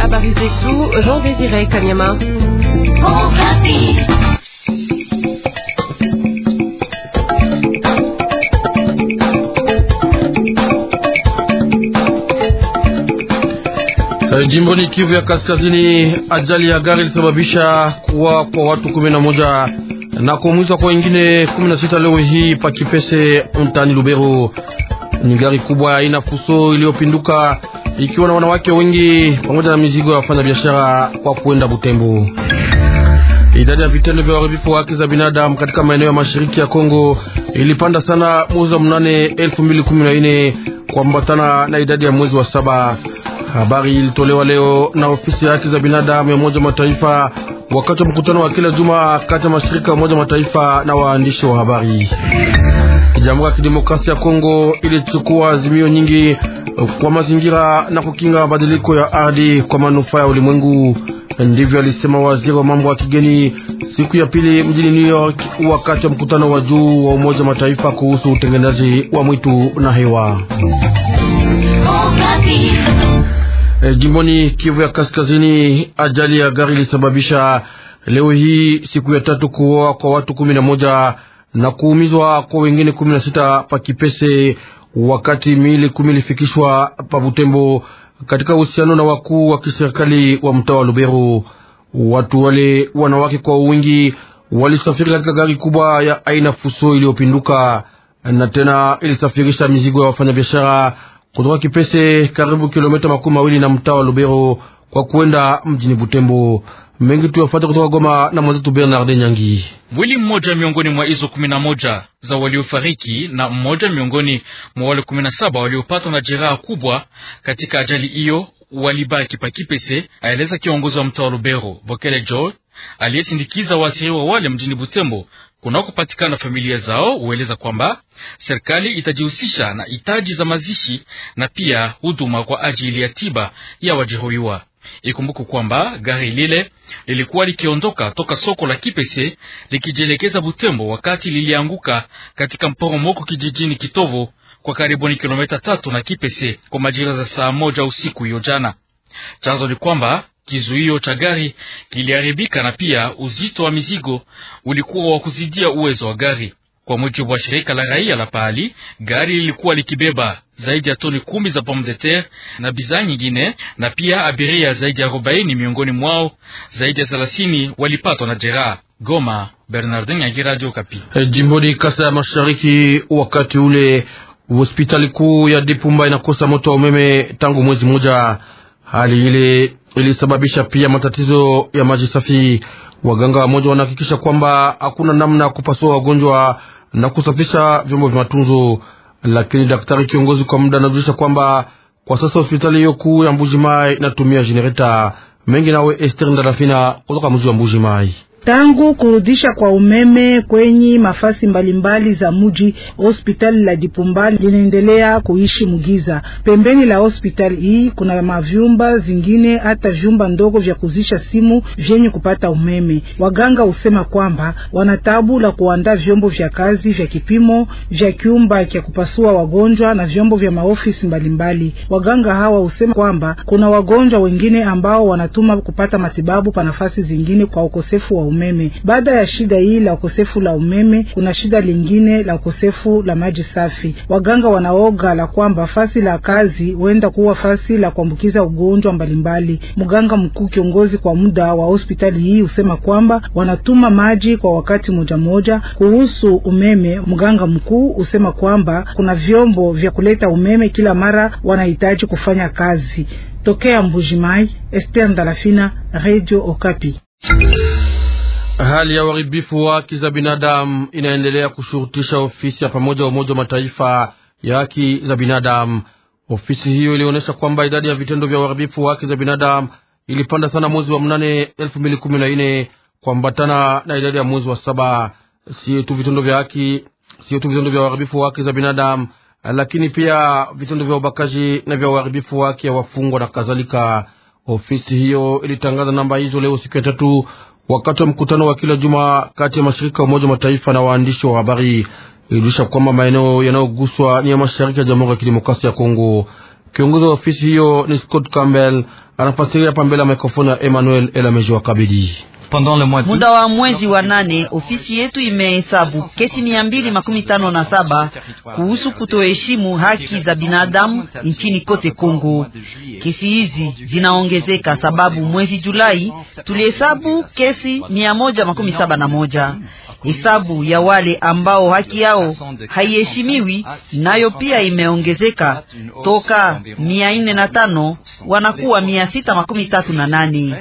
Habari zetu Jean Désiré Kanyama. Jimboni Kivu ya Kaskazini, ajali ya gari ilisababisha kuwa kwa watu kumi na moja na kuumizwa kwa wengine kumi na sita leo hii pa Kipese mtaani Lubero. Ni gari kubwa aina fuso iliyopinduka ikiwa na wanawake wengi pamoja na mizigo ya wafanya biashara kwa kuenda Butembo. Idadi ya vitendo vya uharibifu wa haki za binadamu katika maeneo ya mashariki ya Kongo ilipanda sana mwezi wa mnane elfu mbili kumi na nne kuambatana na idadi ya mwezi wa saba. Habari ilitolewa leo na ofisi ya haki za binadamu ya Umoja Mataifa wakati wa mkutano wa kila juma kati ya mashirika ya Umoja Mataifa na waandishi wa habari. Jamhuri ya Kidemokrasia ya Kongo ilichukua azimio nyingi kwa mazingira na kukinga mabadiliko ya ardhi kwa manufaa ya ulimwengu. Ndivyo alisema waziri wa mambo ya kigeni siku ya pili mjini New York wakati wa mkutano wa juu wa Umoja Mataifa kuhusu utengenezaji wa mwitu na hewa. Oh, E, jimboni Kivu ya Kaskazini, ajali ya gari ilisababisha leo hii siku ya tatu kuoa kwa watu kumi na moja na kuumizwa kwa wengine kumi na sita pa Kipese, wakati miili kumi ilifikishwa pa Butembo katika uhusiano na wakuu wa kiserikali wa mtaa wa Lubero. Watu wale wanawake kwa wingi walisafiri katika gari kubwa ya aina fuso iliyopinduka na tena ilisafirisha mizigo ya wafanyabiashara kutoka Kipese, karibu kilomita makumi mawili na mtaa wa Lubero kwa kuenda mjini Butembo. Mengi tuyafuate kutoka Goma na mwenzetu Bernard Nyangi. Mwili mmoja miongoni mwa hizo kumi na moja za waliofariki na mmoja miongoni mwa wale kumi na saba waliopatwa na jeraha kubwa katika ajali hiyo walibaki pa Kipese, aeleza kiongozi wa mtaa wa Lubero Bokele George aliyesindikiza waasiriwa wale mjini Butembo kunakopatikana familia zao, hueleza kwamba serikali itajihusisha na hitaji za mazishi na pia huduma kwa ajili ya tiba ya wajehoiwa. Ikumbuku kwamba gari lile lilikuwa likiondoka toka soko la Kipese likijielekeza Butembo wakati lilianguka katika mporomoko kijijini Kitovo kwa ni kilomita tatu na Kipese kwa majira za saa moja usiku hiyo jana. Chanzo ni kwamba Kizuio cha gari kiliharibika na pia uzito wa mizigo ulikuwa wa kuzidia uwezo wa gari. Kwa mujibu wa shirika la raia la pahali, gari lilikuwa likibeba zaidi ya toni kumi za pomme de terre na bidhaa nyingine, na pia abiria zaidi ya arobaini, miongoni mwao zaidi ya thelathini walipatwa na jeraha. Goma, Bernardin Yangi, Radio Okapi. Hey, eh, jimboni Kasa ya Mashariki, wakati ule hospitali kuu ya Dipumba inakosa moto wa umeme tangu mwezi mmoja. Hali ile ilisababisha pia matatizo ya maji safi. Waganga wamoja wanahakikisha kwamba hakuna namna ya kupasua wagonjwa na kusafisha vyombo vya matunzo, lakini daktari kiongozi kwa muda anajulisha kwamba kwa sasa hospitali hiyo kuu ya Mbuji Mai inatumia jenereta mengi. Nawe Ester Ndalafina kutoka mji wa Mbuji Mai tangu kurudisha kwa umeme kwenye mafasi mbalimbali za muji. Hospitali la Dipumba linaendelea kuishi mgiza. Pembeni la hospitali hii kuna mavyumba zingine, hata vyumba ndogo vya kuzisha simu vyenye kupata umeme. Waganga husema kwamba wana tabu la kuandaa vyombo vya kazi vya kipimo vya kiumba cha kupasua wagonjwa na vyombo vya maofisi mbalimbali. Waganga hawa husema kwamba kuna wagonjwa wengine ambao wanatuma kupata matibabu pa nafasi zingine kwa ukosefu wa umeme umeme. Baada ya shida hii la ukosefu la umeme, kuna shida lingine la ukosefu la maji safi. Waganga wanaoga la kwamba fasi la kazi huenda kuwa fasi la kuambukiza ugonjwa mbalimbali. Mganga mkuu kiongozi kwa muda wa hospitali hii husema kwamba wanatuma maji kwa wakati moja moja. Kuhusu umeme, mganga mkuu husema kwamba kuna vyombo vya kuleta umeme kila mara wanahitaji kufanya kazi. Tokea Mbujimai, Esther Ndalafina, Radio Okapi. Hali ya uharibifu wa haki za binadamu inaendelea kushurutisha ofisi ya pamoja wa Umoja wa Mataifa ya haki za binadamu. Ofisi hiyo ilionyesha kwamba idadi ya vitendo vya uharibifu wa haki za binadamu ilipanda sana mwezi wa mnane elfu mbili kumi na nne kuambatana na idadi ya mwezi wa saba. Sio tu vitendo vya haki, sio tu vitendo vya uharibifu wa haki za binadamu, lakini pia vitendo vya ubakaji na vya uharibifu wa haki ya wafungwa na kadhalika. Ofisi hiyo ilitangaza namba hizo leo siku ya tatu wakati wa mkutano wa kila juma kati ya mashirika ya Umoja Mataifa na waandishi wa habari ilijulisha kwamba maeneo yanayoguswa ni ya mashariki ya Jamhuri ya Kidemokrasia ya Kongo. Kiongozi wa ofisi hiyo ni Scott Campbell, anafasiria pambele ya mikrofoni ya Emmanuel Elameji wa Kabidi. Muda wa mwezi wa nane ofisi yetu imehesabu kesi mia mbili makumi tano na saba kuhusu kutoheshimu haki za binadamu nchini kote Kongo. Kesi hizi zinaongezeka sababu mwezi Julai tulihesabu kesi mia moja makumi saba na moja. Hesabu ya wale ambao haki yao haiheshimiwi nayo pia imeongezeka toka mia nne na tano wanakuwa mia sita makumi tatu na nane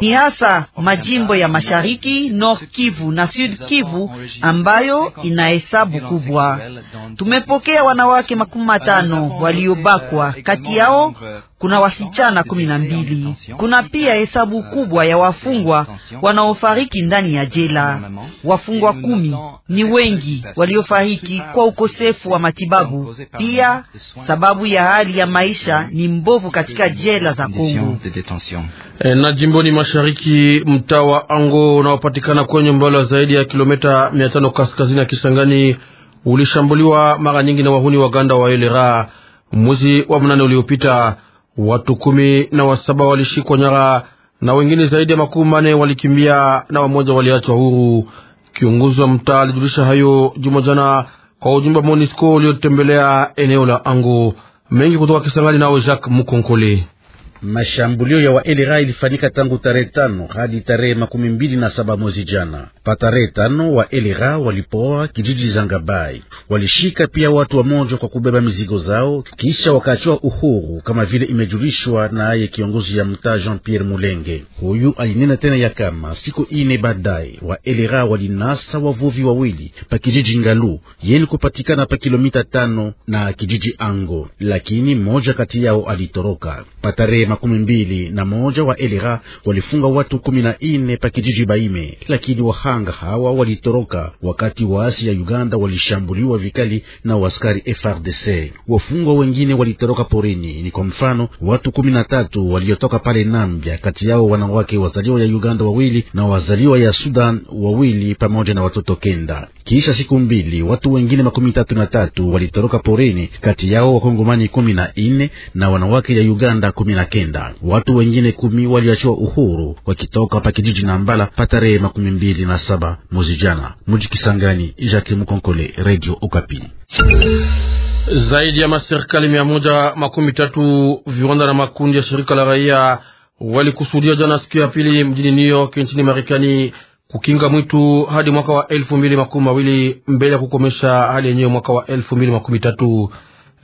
ni hasa majimbo ya Mashariki, North Kivu na Sud Kivu ambayo ina hesabu kubwa. Tumepokea wanawake makumi matano waliobakwa, kati yao kuna wasichana kumi na mbili. Kuna pia hesabu kubwa ya wafungwa wanaofariki ndani ya jela. Wafungwa kumi ni wengi waliofariki kwa ukosefu wa matibabu, pia sababu ya hali ya maisha ni mbovu katika jela za Kongo. E, na jimbo jimboni mashariki, mtaa wa Ango unaopatikana kwenye umbali wa zaidi ya kilomita mia tano kaskazini ya Kisangani ulishambuliwa mara nyingi na wahuni Waganda wa Elera mwezi wa mnane uliopita. Watu kumi na wasaba walishikwa nyara na wengine zaidi ya makumi mane walikimbia na wamoja waliachwa huru. Kiongozi wa mtaa alijulisha hayo juma jana kwa ujumbe monisco MONUSCO uliotembelea eneo la Ango. Mengi kutoka Kisangani, nawe Jacques Mukonkole. Mashambulio ya waelera ilifanyika tangu tarehe tano hadi tarehe makumi mbili na saba mwezi jana. Pa tarehe tano waelera walipoa kijiji Zangabai, walishika pia watu wa moja kwa kubeba mizigo zao, kisha wakaachiwa uhuru, kama vile imejulishwa naye kiongozi ya mtaa Jean Pierre Mulenge. Huyu alinena tena ya kama siku ine baadaye waelera walinasa wavuvi wawili pa kijiji Ngalu yeni kupatikana pa kilomita tano na kijiji Ango, lakini moja kati yao alitoroka pa tarehe makumi mbili na moja wa Elira walifunga watu kumi na ine pa kijiji Baime, lakini wahanga hawa walitoroka wakati waasi ya Uganda walishambuliwa vikali na waskari FRDC. Wafungwa wengine walitoroka porini, ni kwa mfano watu kumi na tatu waliotoka pale Nambia, kati yao wanawake wazaliwa ya Uganda wawili na wazaliwa ya Sudan wawili pamoja na watoto kenda. Kisha siku mbili watu wengine makumi tatu na tatu walitoroka porini, kati yao wakongomani kumi na ine na wanawake ya Uganda kumi na kenda kenda. Watu wengine kumi waliachiwa uhuru wakitoka pa kijiji na Mbala pa tarehe makumi mbili na saba mwezi jana. Muji Kisangani, Jacques Mukonkole, Radio Okapi. Zaidi ya maserikali mia moja makumi tatu viwanda na makundi ya shirika la raia walikusudia jana siku ya pili mjini New York nchini Marekani kukinga mwitu hadi mwaka wa elfu mbili makumi mawili mbele ya kukomesha hali yenyewe mwaka wa elfu mbili makumi tatu.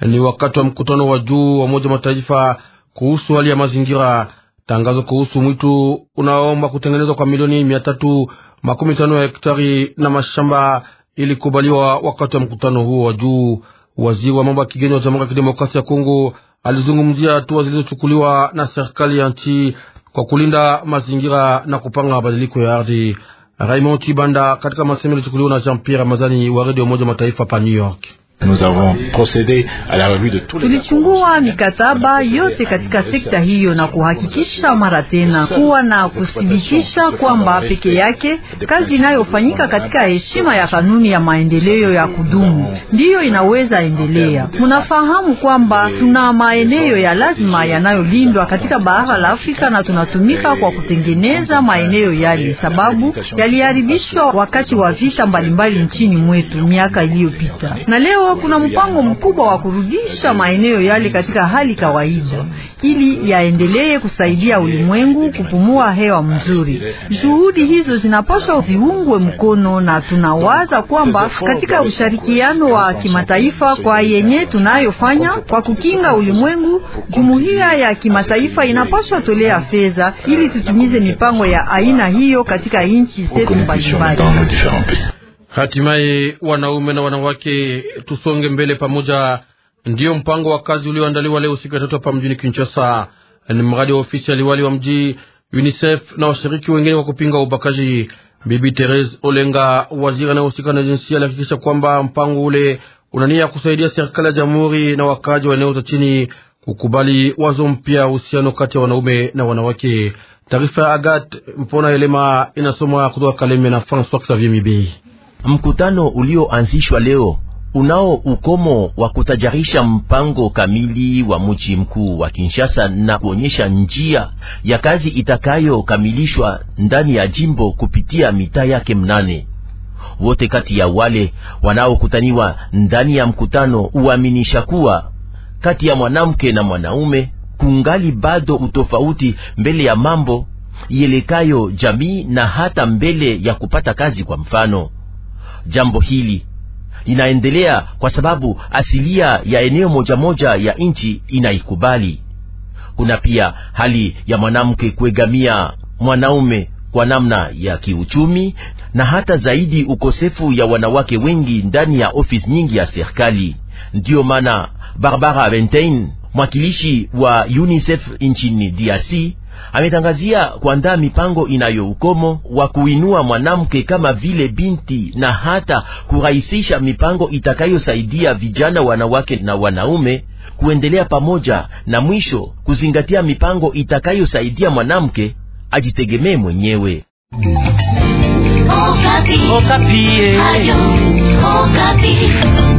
Ni wakati wa mkutano wa juu wa Umoja Mataifa kuhusu hali ya mazingira. Tangazo kuhusu mwitu unaomba kutengenezwa kwa milioni mia tatu makumi tano ya hektari na mashamba ilikubaliwa wakati wa mkutano huo wa juu. Waziri wa mambo ya kigeni wa Jamhuri ya Kidemokrasia ya Kongo alizungumzia hatua zilizochukuliwa na serikali ya nchi kwa kulinda mazingira na kupanga mabadiliko ya ardhi. Raymond Chibanda katika masemo yaliyochukuliwa na Jean Pierre Mazani wa Redio Moja Mataifa pa New York. Tulichungua mikataba yote katika sekta hiyo na kuhakikisha mara tena kuwa na kuthibitisha kwamba peke yake kazi inayofanyika katika heshima ya kanuni ya maendeleo ya kudumu ndiyo inaweza endelea. Mnafahamu kwamba tuna maeneo ya lazima yanayolindwa katika bara la Afrika na tunatumika kwa kutengeneza maeneo yale, sababu yaliharibishwa wakati wa vita mbalimbali nchini mwetu miaka iliyopita, na leo kuna mpango mkubwa wa kurudisha maeneo yale katika hali kawaida, ili yaendelee kusaidia ulimwengu kupumua hewa mzuri. Juhudi hizo zinapaswa ziungwe mkono, na tunawaza kwamba katika ushirikiano wa kimataifa kwa yenye tunayofanya kwa kukinga ulimwengu, jumuiya ya kimataifa inapaswa tolea fedha ili tutumize mipango ya aina hiyo katika nchi zetu mbalimbali. Hatimaye wanaume na wanawake tusonge mbele pamoja, ndiyo mpango wa kazi ulioandaliwa leo siku ya tatu hapa mjini Kinshasa. Ni mradi wa ofisi ya liwali wa mji, UNICEF na washiriki wengine wa kupinga ubakaji. Bibi Therese Olenga, waziri anayehusika na jinsia, alihakikisha kwamba mpango ule una nia ya kusaidia serikali ya jamhuri na wakaaji wa eneo za chini kukubali wazo mpya uhusiano kati ya wanaume na wanawake. Taarifa ya Agat Mpona Elema inasomwa kutoka Kaleme na François Xavier Mibei. Mkutano ulioanzishwa leo unao ukomo wa kutajarisha mpango kamili wa mji mkuu wa Kinshasa na kuonyesha njia ya kazi itakayokamilishwa ndani ya jimbo kupitia mitaa yake mnane. Wote kati ya wale wanaokutaniwa ndani ya mkutano uaminisha kuwa kati ya mwanamke na mwanaume kungali bado utofauti mbele ya mambo yelekayo jamii na hata mbele ya kupata kazi. Kwa mfano, jambo hili linaendelea kwa sababu asilia ya eneo moja moja ya nchi inaikubali. Kuna pia hali ya mwanamke kuegamia mwanaume kwa namna ya kiuchumi na hata zaidi ukosefu ya wanawake wengi ndani ya ofisi nyingi ya serikali. Ndiyo maana Barbara Bentein, mwakilishi wa UNICEF nchini DRC, ametangazia kuandaa mipango inayo ukomo wa kuinua mwanamke kama vile binti na hata kurahisisha mipango itakayosaidia vijana, wanawake na wanaume kuendelea pamoja, na mwisho kuzingatia mipango itakayosaidia mwanamke ajitegemee mwenyewe. Okapi. Oh, Okapi. Oh, eh. Okapi.